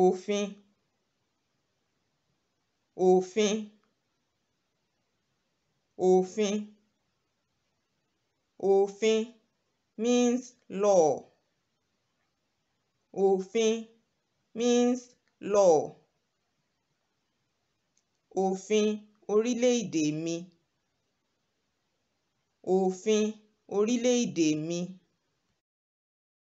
òfin òfin òfin òfin means law òfin means law òfin orílẹ̀-èdè mi òfin orílẹ̀-èdè mi.